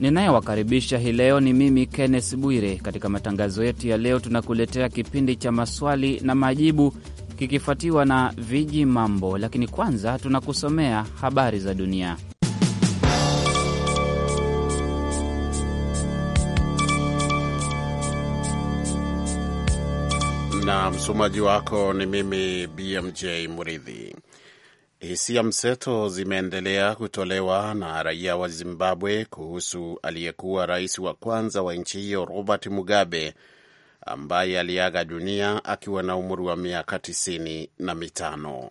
Ninayewakaribisha hii leo ni mimi Kenneth Bwire. Katika matangazo yetu ya leo, tunakuletea kipindi cha maswali na majibu kikifuatiwa na viji mambo, lakini kwanza tunakusomea habari za dunia. Na msomaji wako ni mimi BMJ Muridhi. Hisia mseto zimeendelea kutolewa na raia wa Zimbabwe kuhusu aliyekuwa rais wa kwanza wa nchi hiyo Robert Mugabe ambaye aliaga dunia akiwa na umri wa miaka tisini na mitano.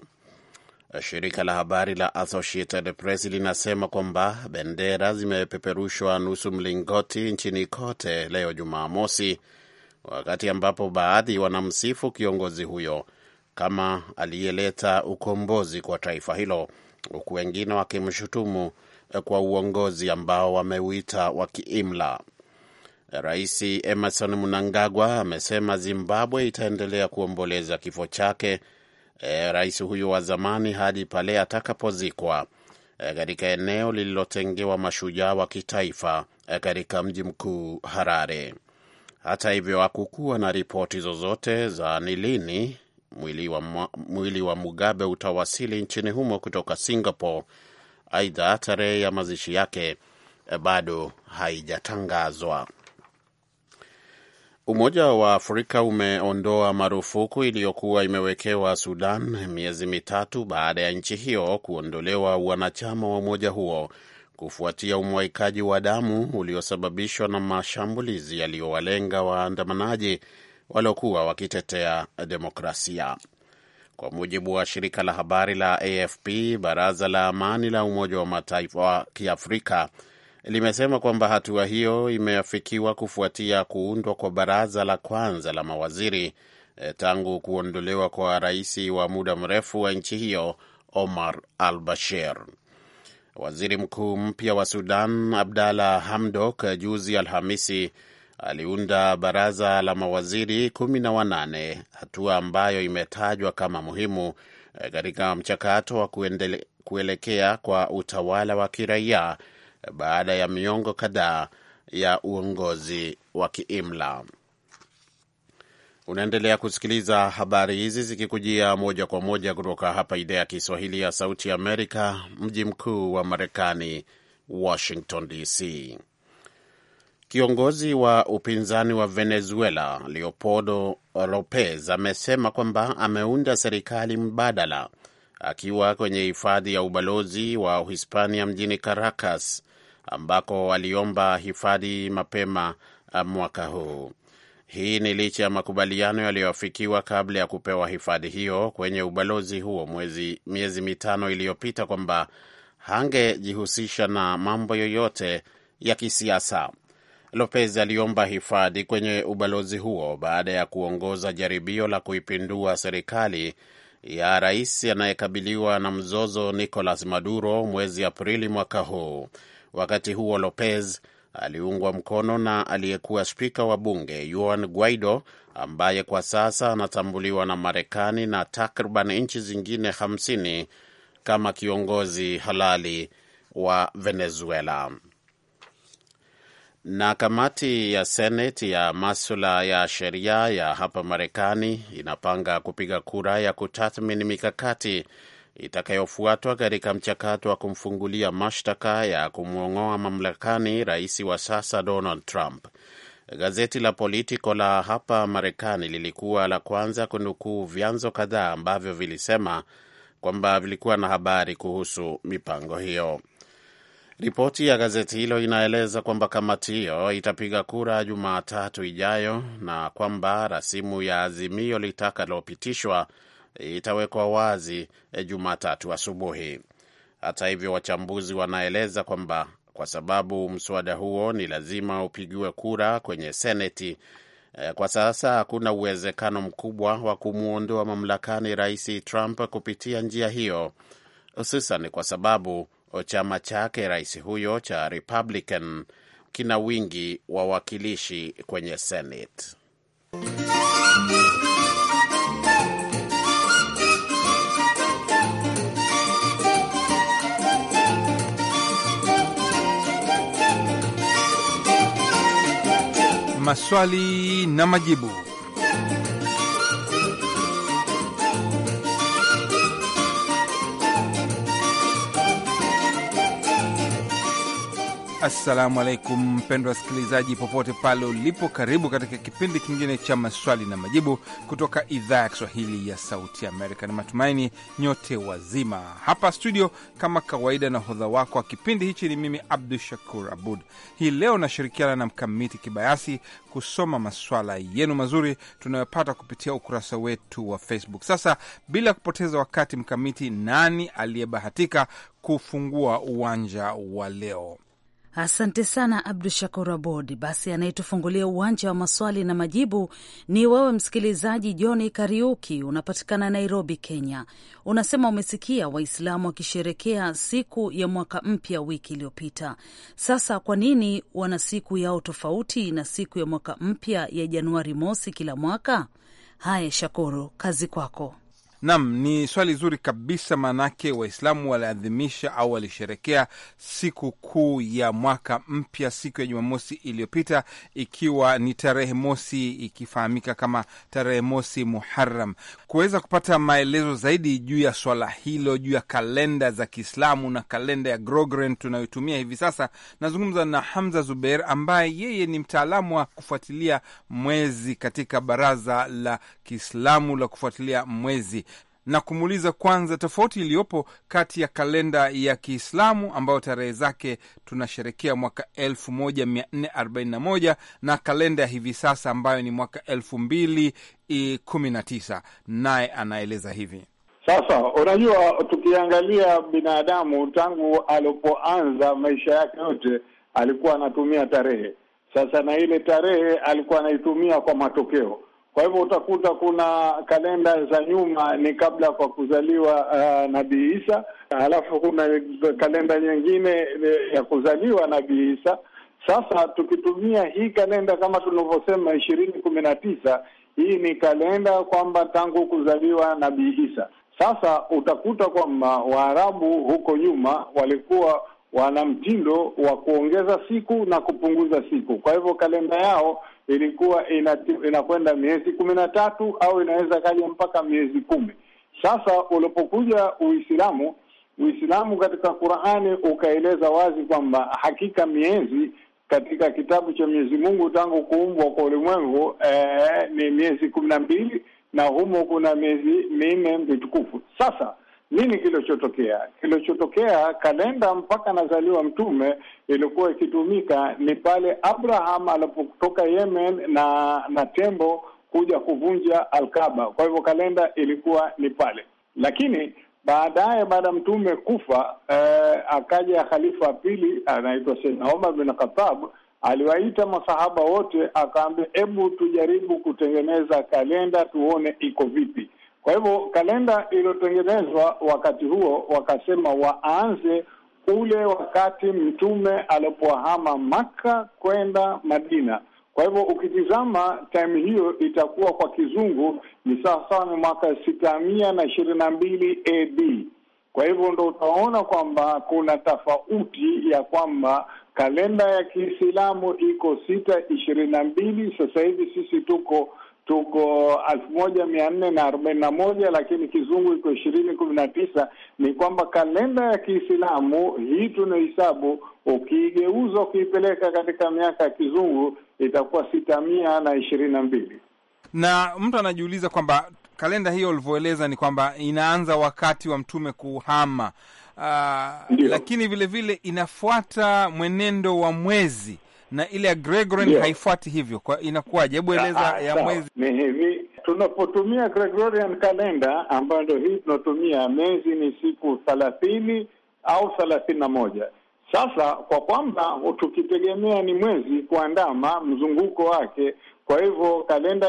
Shirika la habari la Associated Press linasema kwamba bendera zimepeperushwa nusu mlingoti nchini kote leo Jumamosi, wakati ambapo baadhi wanamsifu kiongozi huyo kama aliyeleta ukombozi kwa taifa hilo, huku wengine wakimshutumu kwa uongozi ambao wameuita wa kiimla. Rais Emerson Mnangagwa amesema Zimbabwe itaendelea kuomboleza kifo chake e, rais huyo wa zamani hadi pale atakapozikwa e, katika e, eneo lililotengewa mashujaa wa kitaifa e, katika e, mji mkuu Harare. Hata hivyo hakukuwa na ripoti zozote za ni lini Mwili wa, mwili wa Mugabe utawasili nchini humo kutoka Singapore. Aidha, tarehe ya mazishi yake eh, bado haijatangazwa. Umoja wa Afrika umeondoa marufuku iliyokuwa imewekewa Sudan miezi mitatu baada ya nchi hiyo kuondolewa wanachama wa umoja huo kufuatia umwaikaji wa damu uliosababishwa na mashambulizi yaliyowalenga waandamanaji waliokuwa wakitetea demokrasia. Kwa mujibu wa shirika la habari la AFP, baraza la amani la Umoja wa Mataifa wa Kiafrika limesema kwamba hatua hiyo imeafikiwa kufuatia kuundwa kwa baraza la kwanza la mawaziri eh, tangu kuondolewa kwa rais wa muda mrefu wa nchi hiyo Omar al Bashir. Waziri mkuu mpya wa Sudan Abdalla Hamdok juzi Alhamisi aliunda baraza la mawaziri kumi na wanane, hatua ambayo imetajwa kama muhimu eh, katika mchakato wa kuendele, kuelekea kwa utawala wa kiraia eh, baada ya miongo kadhaa ya uongozi wa kiimla. Unaendelea kusikiliza habari hizi zikikujia moja kwa moja kutoka hapa idhaa ya Kiswahili ya Sauti ya Amerika, mji mkuu wa Marekani, Washington DC. Kiongozi wa upinzani wa Venezuela Leopoldo Lopez amesema kwamba ameunda serikali mbadala akiwa kwenye hifadhi ya ubalozi wa Uhispania mjini Caracas ambako waliomba hifadhi mapema uh, mwaka huu. Hii ni licha ya makubaliano yaliyoafikiwa kabla ya kupewa hifadhi hiyo kwenye ubalozi huo mwezi miezi mitano iliyopita kwamba hangejihusisha na mambo yoyote ya kisiasa. Lopez aliomba hifadhi kwenye ubalozi huo baada ya kuongoza jaribio la kuipindua serikali ya rais anayekabiliwa na mzozo Nicolas Maduro mwezi Aprili mwaka huu. Wakati huo Lopez aliungwa mkono na aliyekuwa spika wa bunge Juan Guaido ambaye kwa sasa anatambuliwa na Marekani na takriban nchi zingine 50 kama kiongozi halali wa Venezuela. Na kamati ya Seneti ya maswala ya sheria ya hapa Marekani inapanga kupiga kura ya kutathmini mikakati itakayofuatwa katika mchakato wa kumfungulia mashtaka ya kumwong'oa mamlakani rais wa sasa Donald Trump. Gazeti la Politico la hapa Marekani lilikuwa la kwanza kunukuu vyanzo kadhaa ambavyo vilisema kwamba vilikuwa na habari kuhusu mipango hiyo. Ripoti ya gazeti hilo inaeleza kwamba kamati hiyo itapiga kura Jumatatu ijayo na kwamba rasimu ya azimio litakalopitishwa itawekwa wazi eh, Jumatatu asubuhi. Hata hivyo, wachambuzi wanaeleza kwamba kwa sababu mswada huo ni lazima upigiwe kura kwenye Seneti, eh, kwa sasa hakuna uwezekano mkubwa wa kumwondoa mamlakani Rais Trump kupitia njia hiyo, hususan kwa sababu chama chake rais huyo cha Republican kina wingi wa wawakilishi kwenye Senate. Maswali na majibu. Assalamu alaikum, mpendwa msikilizaji, popote pale ulipo, karibu katika kipindi kingine cha maswali na majibu kutoka idhaa ya Kiswahili ya Sauti Amerika. Ni matumaini nyote wazima hapa studio. Kama kawaida, na hodha wako wa kipindi hichi ni mimi Abdu Shakur Abud. Hii leo nashirikiana na Mkamiti Kibayasi kusoma maswala yenu mazuri tunayopata kupitia ukurasa wetu wa Facebook. Sasa bila kupoteza wakati, Mkamiti, nani aliyebahatika kufungua uwanja wa leo? Asante sana Abdu Shakur Abod. Basi anayetufungulia uwanja wa maswali na majibu ni wewe msikilizaji johni Kariuki, unapatikana Nairobi, Kenya. Unasema umesikia Waislamu wakisherekea siku ya mwaka mpya wiki iliyopita. Sasa kwa nini wana siku yao tofauti na siku ya mwaka mpya ya Januari mosi kila mwaka? Haya Shakuru, kazi kwako. Nam, ni swali zuri kabisa. Maanake Waislamu waliadhimisha au walisherekea siku kuu ya mwaka mpya siku ya Jumamosi iliyopita, ikiwa ni tarehe mosi, ikifahamika kama tarehe mosi muharam Kuweza kupata maelezo zaidi juu ya swala hilo, juu ya kalenda za Kiislamu na kalenda ya Gregorian tunayotumia hivi sasa, nazungumza na Hamza Zubeir ambaye yeye ni mtaalamu wa kufuatilia mwezi katika Baraza la Kiislamu la kufuatilia mwezi na kumuuliza kwanza tofauti iliyopo kati ya kalenda ya Kiislamu ambayo tarehe zake tunasherekea mwaka 1441 na kalenda ya hivi sasa ambayo ni mwaka 2019. Naye anaeleza hivi. Sasa unajua, tukiangalia binadamu tangu alipoanza maisha yake yote alikuwa anatumia tarehe. Sasa na ile tarehe alikuwa anaitumia kwa matokeo kwa hivyo utakuta kuna kalenda za nyuma ni kabla kwa kuzaliwa uh, Nabii Isa, halafu kuna kalenda nyingine ya kuzaliwa Nabii Isa. Sasa tukitumia hii kalenda kama tunavyosema ishirini kumi na tisa, hii ni kalenda kwamba tangu kuzaliwa Nabii Isa. Sasa utakuta kwamba Waarabu huko nyuma walikuwa wana mtindo wa kuongeza siku na kupunguza siku. Kwa hivyo kalenda yao ilikuwa inakwenda miezi kumi na tatu au inaweza kaja mpaka miezi kumi. Sasa ulipokuja Uislamu, Uislamu katika Qur'ani ukaeleza wazi kwamba hakika miezi katika kitabu cha Mwenyezi Mungu tangu kuumbwa kwa ulimwengu eh, ni miezi kumi na mbili na humo kuna miezi minne mitukufu. Sasa nini kilichotokea? Kilichotokea, kalenda mpaka anazaliwa mtume ilikuwa ikitumika ni pale Abraham alipotoka Yemen na na tembo kuja kuvunja Alkaba. Kwa hivyo kalenda ilikuwa ni pale, lakini baadaye baada ya mtume kufa eh, akaja khalifa pili anaitwa Sayyidna Omar bin Khattab aliwaita masahaba wote, akaambia hebu tujaribu kutengeneza kalenda tuone iko vipi. Kwa hivyo kalenda iliyotengenezwa wakati huo, wakasema waanze ule wakati mtume alipohama Maka kwenda Madina. Kwa hivyo ukitizama time hiyo itakuwa kwa kizungu ni sawasawa ni mwaka sita mia na ishirini na mbili AD. Kwa hivyo ndo utaona kwamba kuna tofauti ya kwamba kalenda ya Kiislamu iko sita ishirini na mbili, sasa hivi sisi tuko tuko elfu moja mia nne na arobaini na moja lakini kizungu iko ishirini kumi na tisa Ni kwamba kalenda ya Kiislamu hii tunahesabu, ukiigeuza ukiipeleka katika miaka ya kizungu itakuwa sita mia na ishirini na mbili na mtu anajiuliza kwamba kalenda hiyo ulivyoeleza ni kwamba inaanza wakati wa mtume kuhama. Uh, lakini vile vile inafuata mwenendo wa mwezi na ile ya Gregorian yeah, haifuati hivyo. Kwa inakuwaje? Hebu ah, eleza ah, ya mwezi. Tunapotumia Gregorian kalenda ambayo ndio hii tunatumia, mwezi ni siku thelathini au thelathini na moja. Sasa kwa kwamba tukitegemea ni mwezi kuandama mzunguko wake, kwa hivyo kalenda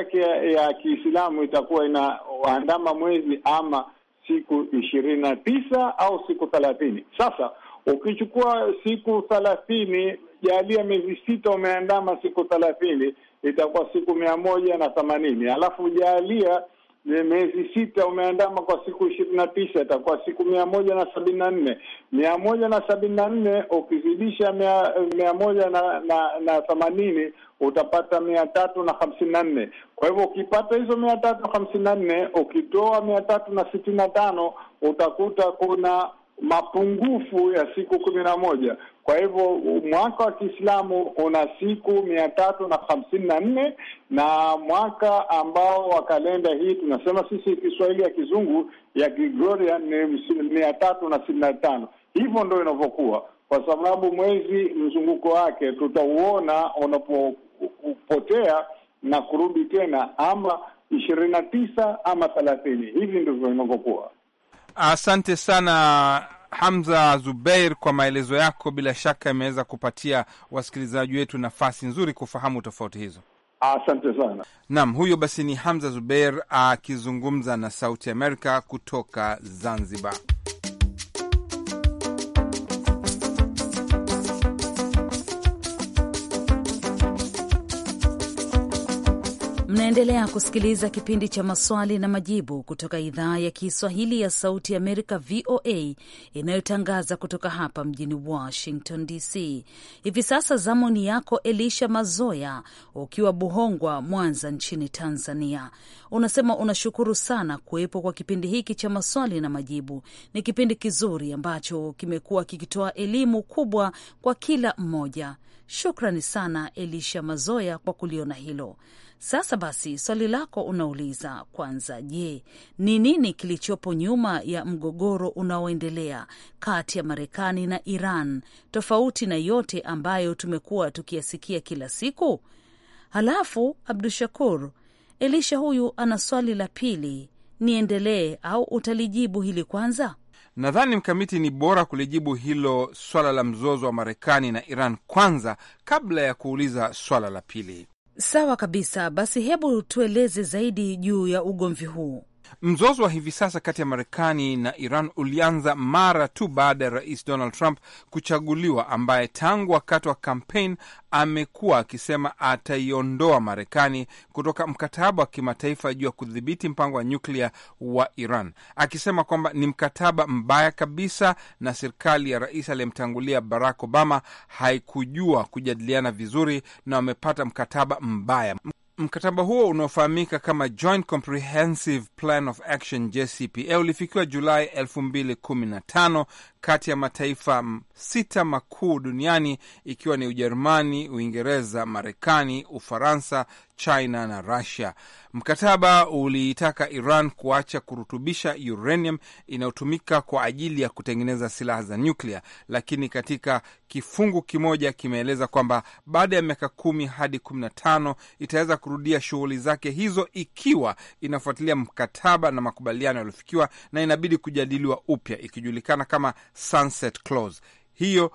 ya Kiislamu itakuwa inaandama mwezi ama siku ishirini na tisa au siku thelathini. Sasa ukichukua siku thelathini jalia miezi sita umeandama siku thelathini itakuwa siku mia moja na themanini alafu jalia miezi sita umeandama kwa siku ishirini na tisa itakuwa siku mia moja na sabini na nne mia moja na sabini na nne ukizidisha mia, mia moja na na, na themanini utapata mia tatu na hamsini na nne kwa hivyo ukipata hizo mia tatu hamsini na nne ukitoa mia tatu na sitini na tano utakuta kuna mapungufu ya siku kumi na moja. Kwa hivyo mwaka wa Kiislamu una siku mia tatu na hamsini na nne na mwaka ambao wa kalenda hii tunasema sisi Kiswahili ya kizungu ya Gregorian ni mia tatu na sitini na tano. Hivyo ndo inavyokuwa, kwa sababu mwezi mzunguko wake tutauona unapopotea na kurudi tena ama ishirini na tisa ama thelathini. Hivi ndivyo inavyokuwa. Asante sana Hamza Zubeir kwa maelezo yako, bila shaka imeweza kupatia wasikilizaji wetu nafasi nzuri kufahamu tofauti hizo. Asante sana. Naam, huyo basi ni Hamza Zubeir akizungumza na Sauti Amerika kutoka Zanzibar. Mnaendelea kusikiliza kipindi cha maswali na majibu kutoka idhaa ya Kiswahili ya Sauti Amerika, VOA, inayotangaza kutoka hapa mjini Washington DC. Hivi sasa zamu ni yako Elisha Mazoya, ukiwa Buhongwa, Mwanza nchini Tanzania. Unasema unashukuru sana kuwepo kwa kipindi hiki cha maswali na majibu. Ni kipindi kizuri ambacho kimekuwa kikitoa elimu kubwa kwa kila mmoja. Shukrani sana Elisha Mazoya kwa kuliona hilo. Sasa basi, swali lako unauliza kwanza, je, ni nini kilichopo nyuma ya mgogoro unaoendelea kati ya Marekani na Iran, tofauti na yote ambayo tumekuwa tukiyasikia kila siku? Halafu Abdu Shakur Elisha huyu ana swali la pili, niendelee au utalijibu hili kwanza? Nadhani mkamiti ni bora kulijibu hilo swala la mzozo wa Marekani na Iran kwanza kabla ya kuuliza swala la pili. Sawa kabisa, basi hebu tueleze zaidi juu ya ugomvi huu. Mzozo wa hivi sasa kati ya Marekani na Iran ulianza mara tu baada ya Rais Donald Trump kuchaguliwa, ambaye tangu wakati wa kampeni amekuwa akisema ataiondoa Marekani kutoka mkataba wa kimataifa juu ya kudhibiti mpango wa nyuklia wa Iran, akisema kwamba ni mkataba mbaya kabisa, na serikali ya rais aliyemtangulia Barack Obama haikujua kujadiliana vizuri na wamepata mkataba mbaya. Mkataba huo unaofahamika kama Joint Comprehensive Plan of Action JCPA ulifikiwa Julai 2015 kati ya mataifa sita makuu duniani ikiwa ni Ujerumani, Uingereza, Marekani, Ufaransa, China na Rusia. Mkataba uliitaka Iran kuacha kurutubisha uranium inayotumika kwa ajili ya kutengeneza silaha za nyuklia, lakini katika kifungu kimoja kimeeleza kwamba baada ya miaka kumi hadi kumi na tano itaweza kurudia shughuli zake hizo ikiwa inafuatilia mkataba na makubaliano yaliyofikiwa na inabidi kujadiliwa upya ikijulikana kama sunset clause. Hiyo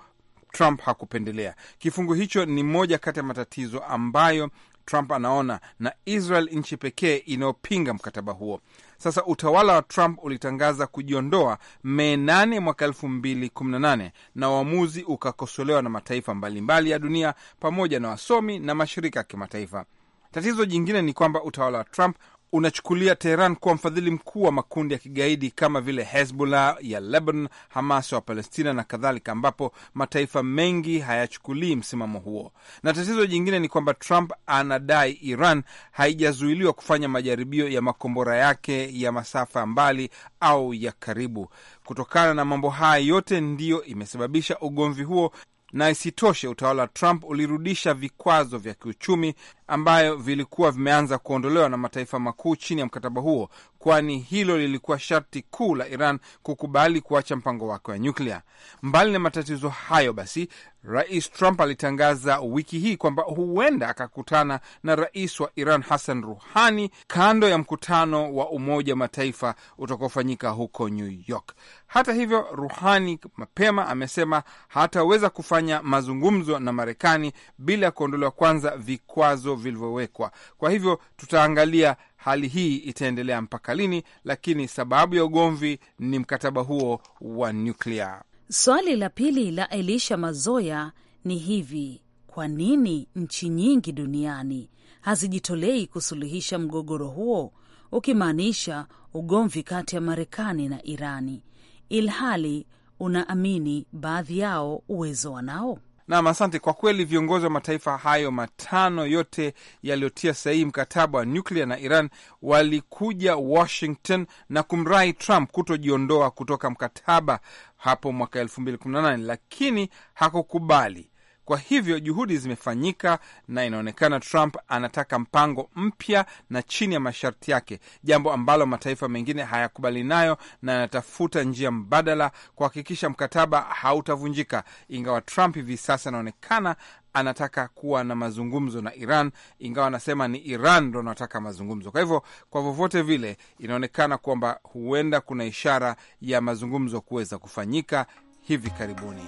Trump hakupendelea kifungu hicho. Ni moja kati ya matatizo ambayo Trump anaona, na Israel nchi pekee inayopinga mkataba huo. Sasa utawala wa Trump ulitangaza kujiondoa Mei nane mwaka kumi na uamuzi ukakosolewa na mataifa mbalimbali ya dunia pamoja na wasomi na mashirika ya kimataifa. Tatizo jingine ni kwamba utawala wa Trump unachukulia Teheran kuwa mfadhili mkuu wa makundi ya kigaidi kama vile Hezbollah ya Lebanon, Hamas wa Palestina na kadhalika, ambapo mataifa mengi hayachukulii msimamo huo. Na tatizo jingine ni kwamba Trump anadai Iran haijazuiliwa kufanya majaribio ya makombora yake ya masafa ya mbali au ya karibu. Kutokana na mambo haya yote, ndiyo imesababisha ugomvi huo na isitoshe, utawala wa Trump ulirudisha vikwazo vya kiuchumi ambayo vilikuwa vimeanza kuondolewa na mataifa makuu chini ya mkataba huo kwani hilo lilikuwa sharti kuu la Iran kukubali kuacha mpango wake wa nyuklia. Mbali na matatizo hayo, basi Rais Trump alitangaza wiki hii kwamba huenda akakutana na rais wa Iran Hassan Ruhani kando ya mkutano wa Umoja wa Mataifa utakaofanyika huko New York. Hata hivyo, Ruhani mapema amesema hataweza kufanya mazungumzo na Marekani bila ya kuondolewa kwanza vikwazo vilivyowekwa. Kwa hivyo tutaangalia hali hii itaendelea mpaka lini, lakini sababu ya ugomvi ni mkataba huo wa nyuklia. Swali la pili la Elisha Mazoya ni hivi: kwa nini nchi nyingi duniani hazijitolei kusuluhisha mgogoro huo, ukimaanisha ugomvi kati ya Marekani na Irani, ilhali unaamini baadhi yao uwezo wanao? Nam, asante kwa kweli. Viongozi wa mataifa hayo matano yote yaliyotia sahihi mkataba wa nyuklia na Iran walikuja Washington na kumrai Trump kutojiondoa kutoka mkataba hapo mwaka 218 lakini hakukubali. Kwa hivyo juhudi zimefanyika na inaonekana Trump anataka mpango mpya na chini ya masharti yake, jambo ambalo mataifa mengine hayakubali nayo, na anatafuta njia mbadala kuhakikisha mkataba hautavunjika, ingawa Trump hivi sasa anaonekana anataka kuwa na mazungumzo na Iran, ingawa anasema ni Iran ndo anataka mazungumzo. Kwa hivyo, kwa vyovyote vile, inaonekana kwamba huenda kuna ishara ya mazungumzo kuweza kufanyika hivi karibuni.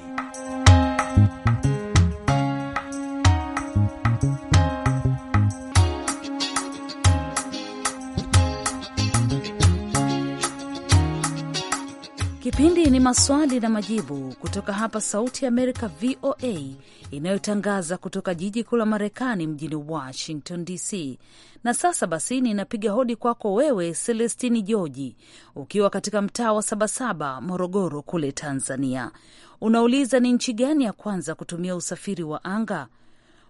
Kipindi ni maswali na majibu kutoka hapa Sauti ya Amerika, VOA, inayotangaza kutoka jiji kuu la Marekani, mjini Washington DC. Na sasa basi, ninapiga hodi kwako wewe Celestini Joji, ukiwa katika mtaa wa Sabasaba, Morogoro kule Tanzania. Unauliza, ni nchi gani ya kwanza kutumia usafiri wa anga?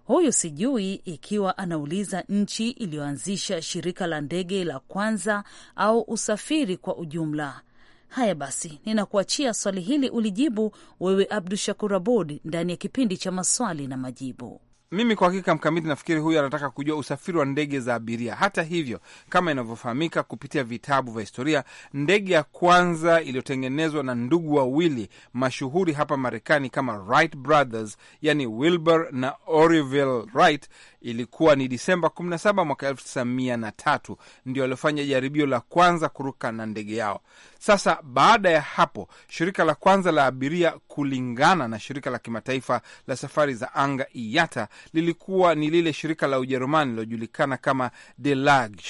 Huyu sijui ikiwa anauliza nchi iliyoanzisha shirika la ndege la kwanza au usafiri kwa ujumla. Haya basi, ninakuachia swali hili ulijibu wewe Abdu Shakur Abud ndani ya kipindi cha maswali na majibu. Mimi kwa hakika mkamiti, nafikiri huyu anataka kujua usafiri wa ndege za abiria. Hata hivyo, kama inavyofahamika kupitia vitabu vya historia, ndege ya kwanza iliyotengenezwa na ndugu wawili mashuhuri hapa Marekani kama Wright Brothers, yani Wilbur na Orville Wright, ilikuwa ni Disemba 17 mwaka 1903 ndio waliofanya jaribio la kwanza kuruka na ndege yao. Sasa baada ya hapo, shirika la kwanza la abiria kulingana na shirika la kimataifa la safari za anga IATA lilikuwa ni lile shirika la Ujerumani lilojulikana kama Delage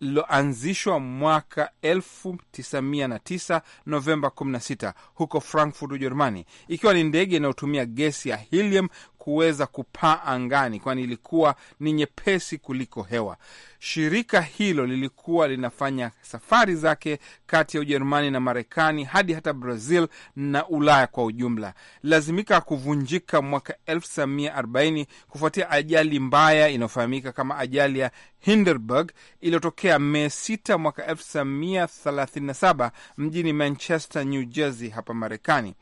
liloanzishwa mwaka 1909 Novemba 16 huko Frankfurt, Ujerumani, ikiwa ni ndege inayotumia gesi ya helium kuweza kupaa angani, kwani ilikuwa ni nyepesi kuliko hewa. Shirika hilo lilikuwa linafanya safari zake kati ya Ujerumani na Marekani hadi hata Brazil na Ulaya kwa ujumla. Lazimika kuvunjika mwaka 1940 kufuatia ajali mbaya inayofahamika kama ajali ya Hindenburg iliyotokea Mei 6 mwaka 1937 mjini Manchester, New Jersey, hapa Marekani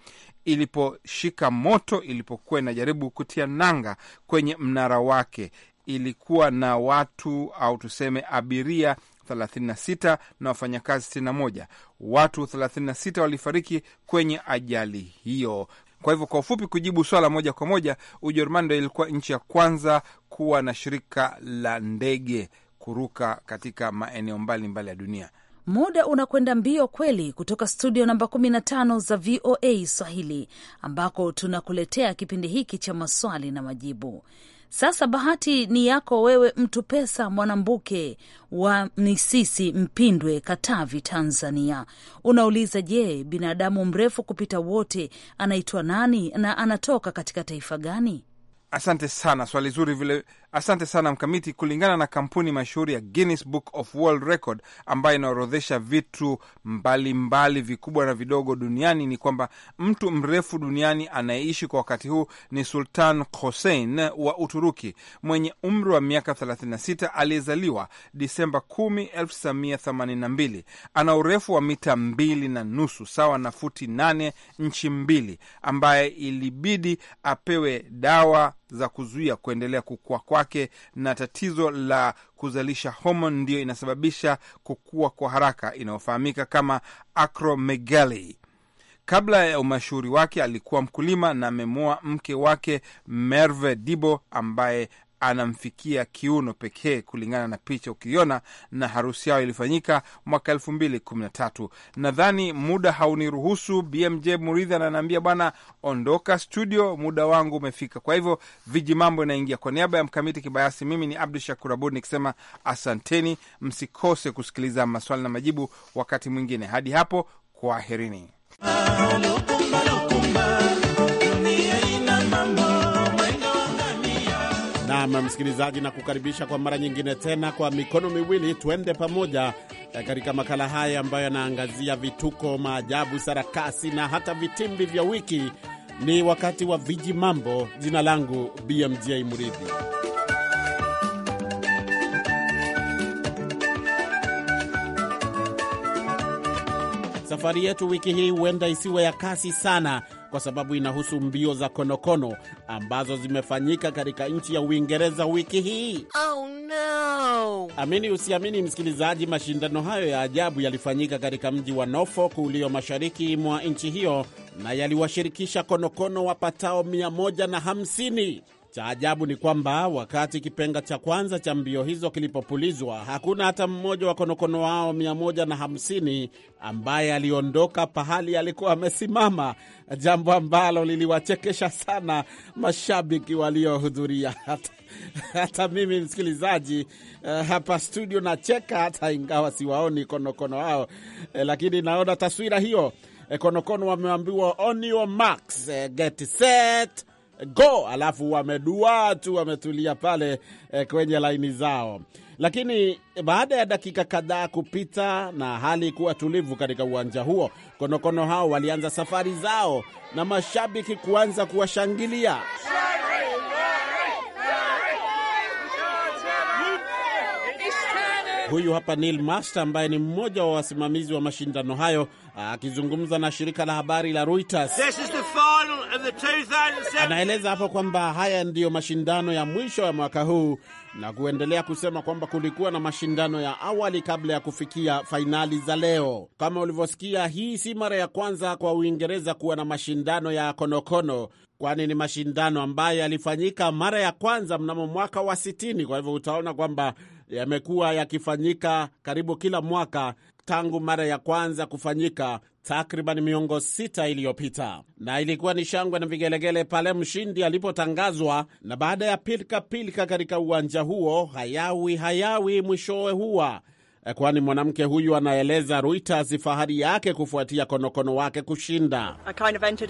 iliposhika moto ilipokuwa inajaribu kutia nanga kwenye mnara wake. Ilikuwa na watu au tuseme abiria 36 na wafanyakazi 61. Watu 36 walifariki kwenye ajali hiyo. Kwa hivyo kwa ufupi, kujibu swala moja kwa moja, Ujerumani ndo ilikuwa nchi ya kwanza kuwa na shirika la ndege kuruka katika maeneo mbalimbali ya dunia. Muda unakwenda mbio kweli, kutoka studio namba 15 za VOA Swahili ambako tunakuletea kipindi hiki cha maswali na majibu. Sasa bahati ni yako wewe, mtu pesa Mwanambuke wa Misisi, Mpindwe, Katavi, Tanzania. Unauliza, je, binadamu mrefu kupita wote anaitwa nani na anatoka katika taifa gani? Asante sana, swali zuri vile Asante sana Mkamiti. Kulingana na kampuni mashuhuri ya Guinness Book of World Record ambayo inaorodhesha vitu mbalimbali mbali vikubwa na vidogo duniani, ni kwamba mtu mrefu duniani anayeishi kwa wakati huu ni Sultan hossein wa Uturuki mwenye umri wa miaka 36 aliyezaliwa Disemba 10, 1982. Ana urefu wa mita mbili na nusu sawa na futi 8 nchi mbili, ambaye ilibidi apewe dawa za kuzuia kuendelea kukua kwake, na tatizo la kuzalisha homoni ndiyo inasababisha kukua kwa haraka inayofahamika kama acromegaly. Kabla ya umashuhuri wake alikuwa mkulima na amemoa mke wake Merve Dibo ambaye anamfikia kiuno pekee, kulingana na picha ukiona. Na harusi yao ilifanyika mwaka elfu mbili kumi na tatu. Nadhani muda hauniruhusu. BMJ Muridhi ananiambia bwana, ondoka studio, muda wangu umefika. Kwa hivyo viji mambo inaingia. Kwa niaba ya Mkamiti Kibayasi, mimi ni Abdu Shakur Abud nikisema asanteni, msikose kusikiliza maswali na majibu wakati mwingine. Hadi hapo, kwaherini. Nam msikilizaji, na kukaribisha kwa mara nyingine tena kwa mikono miwili, tuende pamoja eh, katika makala haya ambayo yanaangazia vituko, maajabu, sarakasi na hata vitimbi vya wiki. Ni wakati wa viji mambo. Jina langu BMJ Muridhi. Safari yetu wiki hii huenda isiwe ya kasi sana kwa sababu inahusu mbio za konokono ambazo zimefanyika katika nchi ya Uingereza wiki hii. Oh, no. Amini usiamini, msikilizaji, mashindano hayo ya ajabu yalifanyika katika mji wa Norfolk ulio mashariki mwa nchi hiyo na yaliwashirikisha konokono wapatao 150. Cha ajabu ni kwamba wakati kipenga cha kwanza cha mbio hizo kilipopulizwa, hakuna hata mmoja wa konokono wao 150 ambaye aliondoka pahali alikuwa amesimama, jambo ambalo liliwachekesha sana mashabiki waliohudhuria. Hata, hata mimi msikilizaji, uh, hapa studio nacheka hata ingawa siwaoni konokono hao eh, lakini naona taswira hiyo eh, konokono wameambiwa on your marks, eh, get set go, alafu wamedua tu, wametulia pale eh, kwenye laini zao. Lakini baada ya dakika kadhaa kupita na hali kuwa tulivu katika uwanja huo, konokono hao walianza safari zao na mashabiki kuanza kuwashangilia. Huyu hapa Neil Master ambaye ni mmoja wa wasimamizi wa mashindano hayo akizungumza na shirika la habari la Reuters. Anaeleza hapo kwamba haya ndiyo mashindano ya mwisho ya mwaka huu na kuendelea kusema kwamba kulikuwa na mashindano ya awali kabla ya kufikia fainali za leo. Kama ulivyosikia, hii si mara ya kwanza kwa Uingereza kuwa na mashindano ya konokono, kwani ni mashindano ambayo yalifanyika mara ya kwanza mnamo mwaka wa 6 Kwa hivyo utaona kwamba yamekuwa yakifanyika karibu kila mwaka tangu mara ya kwanza kufanyika takriban miongo sita iliyopita, na ilikuwa ni shangwe na vigelegele pale mshindi alipotangazwa. Na baada ya pilkapilka katika uwanja huo, hayawi hayawi mwishowe huwa eh, kwani mwanamke huyu anaeleza Reuters fahari yake kufuatia konokono wake kushinda. kind of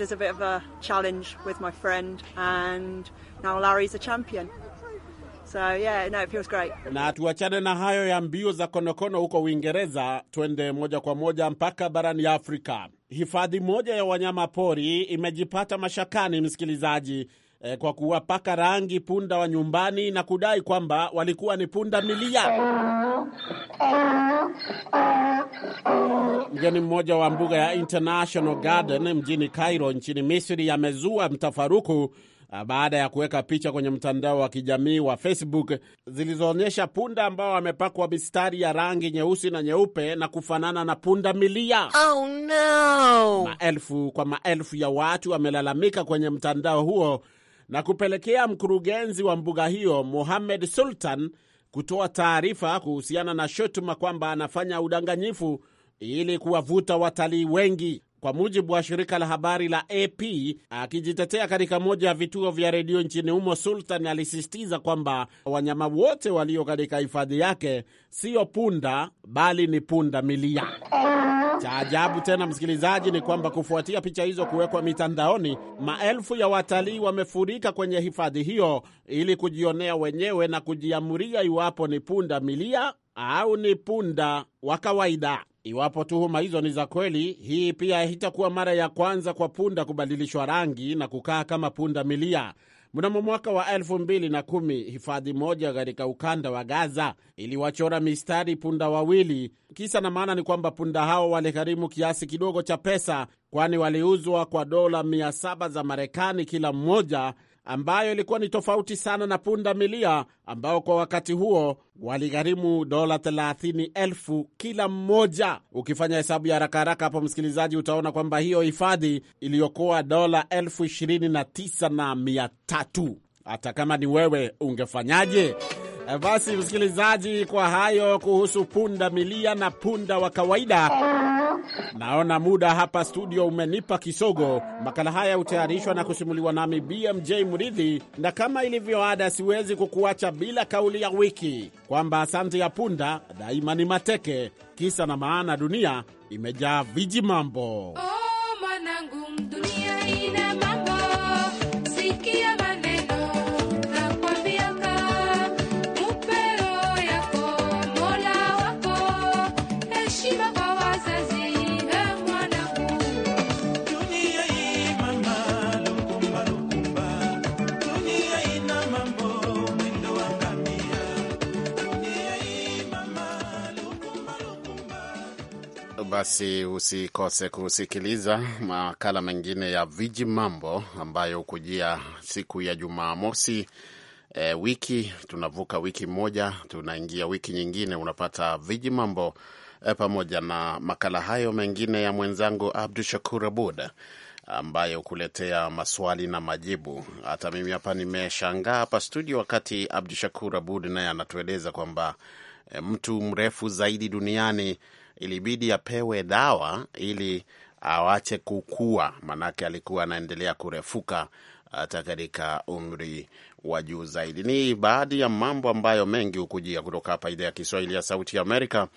So, yeah, no, it feels great. Na tuachane na hayo ya mbio za konokono huko Uingereza, twende moja kwa moja mpaka barani ya Afrika. Hifadhi moja ya wanyama pori imejipata mashakani, msikilizaji, eh, kwa kuwapaka rangi punda wa nyumbani na kudai kwamba walikuwa ni punda milia. Mgeni mmoja wa mbuga ya International Garden mjini Cairo nchini Misri amezua mtafaruku Ah, baada ya kuweka picha kwenye mtandao wa kijamii wa Facebook zilizoonyesha punda ambao wamepakwa mistari ya rangi nyeusi na nyeupe na kufanana na punda milia. Oh, no. Maelfu kwa maelfu ya watu wamelalamika kwenye mtandao huo na kupelekea mkurugenzi wa mbuga hiyo Mohamed Sultan kutoa taarifa kuhusiana na shutuma kwamba anafanya udanganyifu ili kuwavuta watalii wengi kwa mujibu wa shirika la habari la AP. Akijitetea katika moja ya vituo vya redio nchini humo, Sultan alisisitiza kwamba wanyama wote walio katika hifadhi yake siyo punda, bali ni punda milia. Cha ajabu tena, msikilizaji, ni kwamba kufuatia picha hizo kuwekwa mitandaoni, maelfu ya watalii wamefurika kwenye hifadhi hiyo ili kujionea wenyewe na kujiamuria iwapo ni punda milia au ni punda wa kawaida. Iwapo tuhuma hizo ni za kweli, hii pia itakuwa mara ya kwanza kwa punda kubadilishwa rangi na kukaa kama punda milia. Mnamo mwaka wa 21 hifadhi moja katika ukanda wa Gaza iliwachora mistari punda wawili. Kisa na maana ni kwamba punda hao waligharimu kiasi kidogo cha pesa, kwani waliuzwa kwa dola 7 za Marekani kila mmoja, ambayo ilikuwa ni tofauti sana na punda milia ambao kwa wakati huo waligharimu dola thelathini kila mmoja. Ukifanya hesabu ya haraka haraka hapo, msikilizaji, utaona kwamba hiyo hifadhi iliyokuwa dola elfu Hata kama ni wewe ungefanyaje? Eh, basi msikilizaji, kwa hayo kuhusu punda milia na punda wa kawaida Naona muda hapa studio umenipa kisogo. Makala haya hutayarishwa na kusimuliwa nami BMJ mridhi na kama ilivyo ada, siwezi kukuacha bila kauli ya wiki kwamba asante ya punda daima ni mateke. Kisa na maana, dunia imejaa viji mambo. Oh, Basi usikose kusikiliza makala mengine ya Viji Mambo ambayo hukujia siku ya Jumamosi. E, wiki tunavuka wiki moja, tunaingia wiki nyingine, unapata Viji Mambo e, pamoja na makala hayo mengine ya mwenzangu Abdu Shakur Abud ambayo kuletea maswali na majibu. Hata mimi hapa nimeshangaa hapa studio, wakati Abdu Shakur Abud naye anatueleza kwamba e, mtu mrefu zaidi duniani ilibidi apewe dawa ili awache kukua, manake alikuwa anaendelea kurefuka hata uh, katika umri wa juu zaidi. Ni baadhi ya mambo ambayo mengi hukujia kutoka hapa idhaa ya Kiswahili ya Sauti ya Amerika.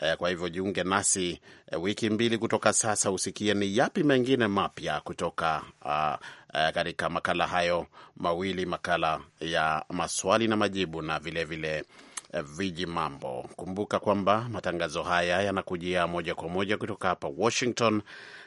Uh, kwa hivyo jiunge nasi uh, wiki mbili kutoka sasa, usikie ni yapi mengine mapya kutoka uh, uh, katika makala hayo mawili, makala ya maswali na majibu na vilevile vile viji mambo. Kumbuka kwamba matangazo haya yanakujia moja kwa moja kutoka hapa Washington,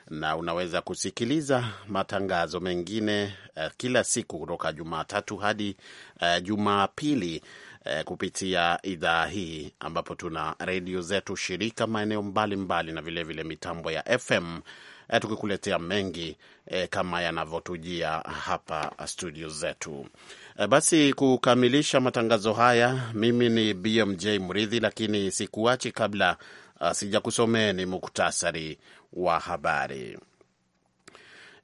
na unaweza kusikiliza matangazo mengine uh, kila siku kutoka Jumatatu hadi uh, Jumapili uh, kupitia idhaa hii, ambapo tuna redio zetu shirika maeneo mbalimbali, na vilevile vile mitambo ya FM Eh, tukikuletea mengi e, kama yanavyotujia hapa studio zetu. E, basi kukamilisha matangazo haya, mimi ni BMJ Mridhi, lakini sikuachi kabla sijakusomeeni muktasari wa habari.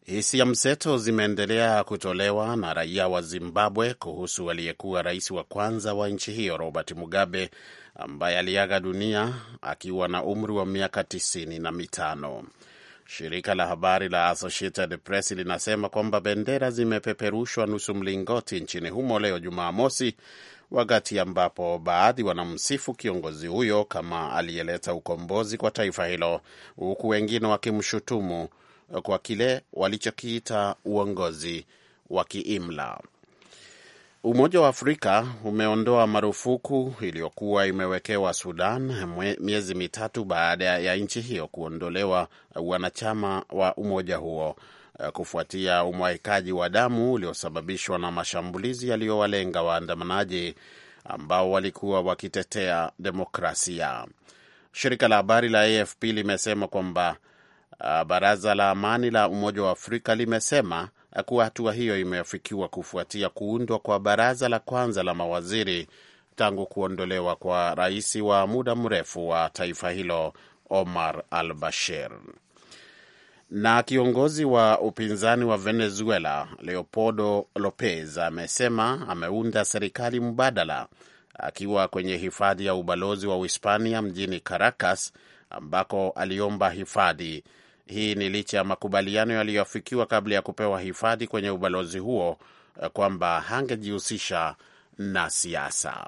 Hisia mseto zimeendelea kutolewa na raia wa Zimbabwe kuhusu aliyekuwa rais wa kwanza wa nchi hiyo Robert Mugabe ambaye aliaga dunia akiwa na umri wa miaka tisini na mitano. Shirika la habari la Associated Press linasema kwamba bendera zimepeperushwa nusu mlingoti nchini humo leo Jumamosi, wakati ambapo baadhi wanamsifu kiongozi huyo kama aliyeleta ukombozi kwa taifa hilo, huku wengine wakimshutumu kwa kile walichokiita uongozi wa kiimla. Umoja wa Afrika umeondoa marufuku iliyokuwa imewekewa Sudan miezi mitatu baada ya nchi hiyo kuondolewa wanachama wa umoja huo eh, kufuatia umwagikaji wa damu uliosababishwa na mashambulizi yaliyowalenga waandamanaji ambao walikuwa wakitetea demokrasia. Shirika la habari la AFP limesema kwamba eh, baraza la amani la Umoja wa Afrika limesema kuwa hatua hiyo imeafikiwa kufuatia kuundwa kwa baraza la kwanza la mawaziri tangu kuondolewa kwa rais wa muda mrefu wa taifa hilo Omar al Bashir. Na kiongozi wa upinzani wa Venezuela Leopoldo Lopez amesema ameunda serikali mbadala akiwa kwenye hifadhi ya ubalozi wa Uhispania mjini Caracas ambako aliomba hifadhi hii ni licha ya makubaliano yaliyoafikiwa kabla ya kupewa hifadhi kwenye ubalozi huo eh, kwamba hangejihusisha na siasa.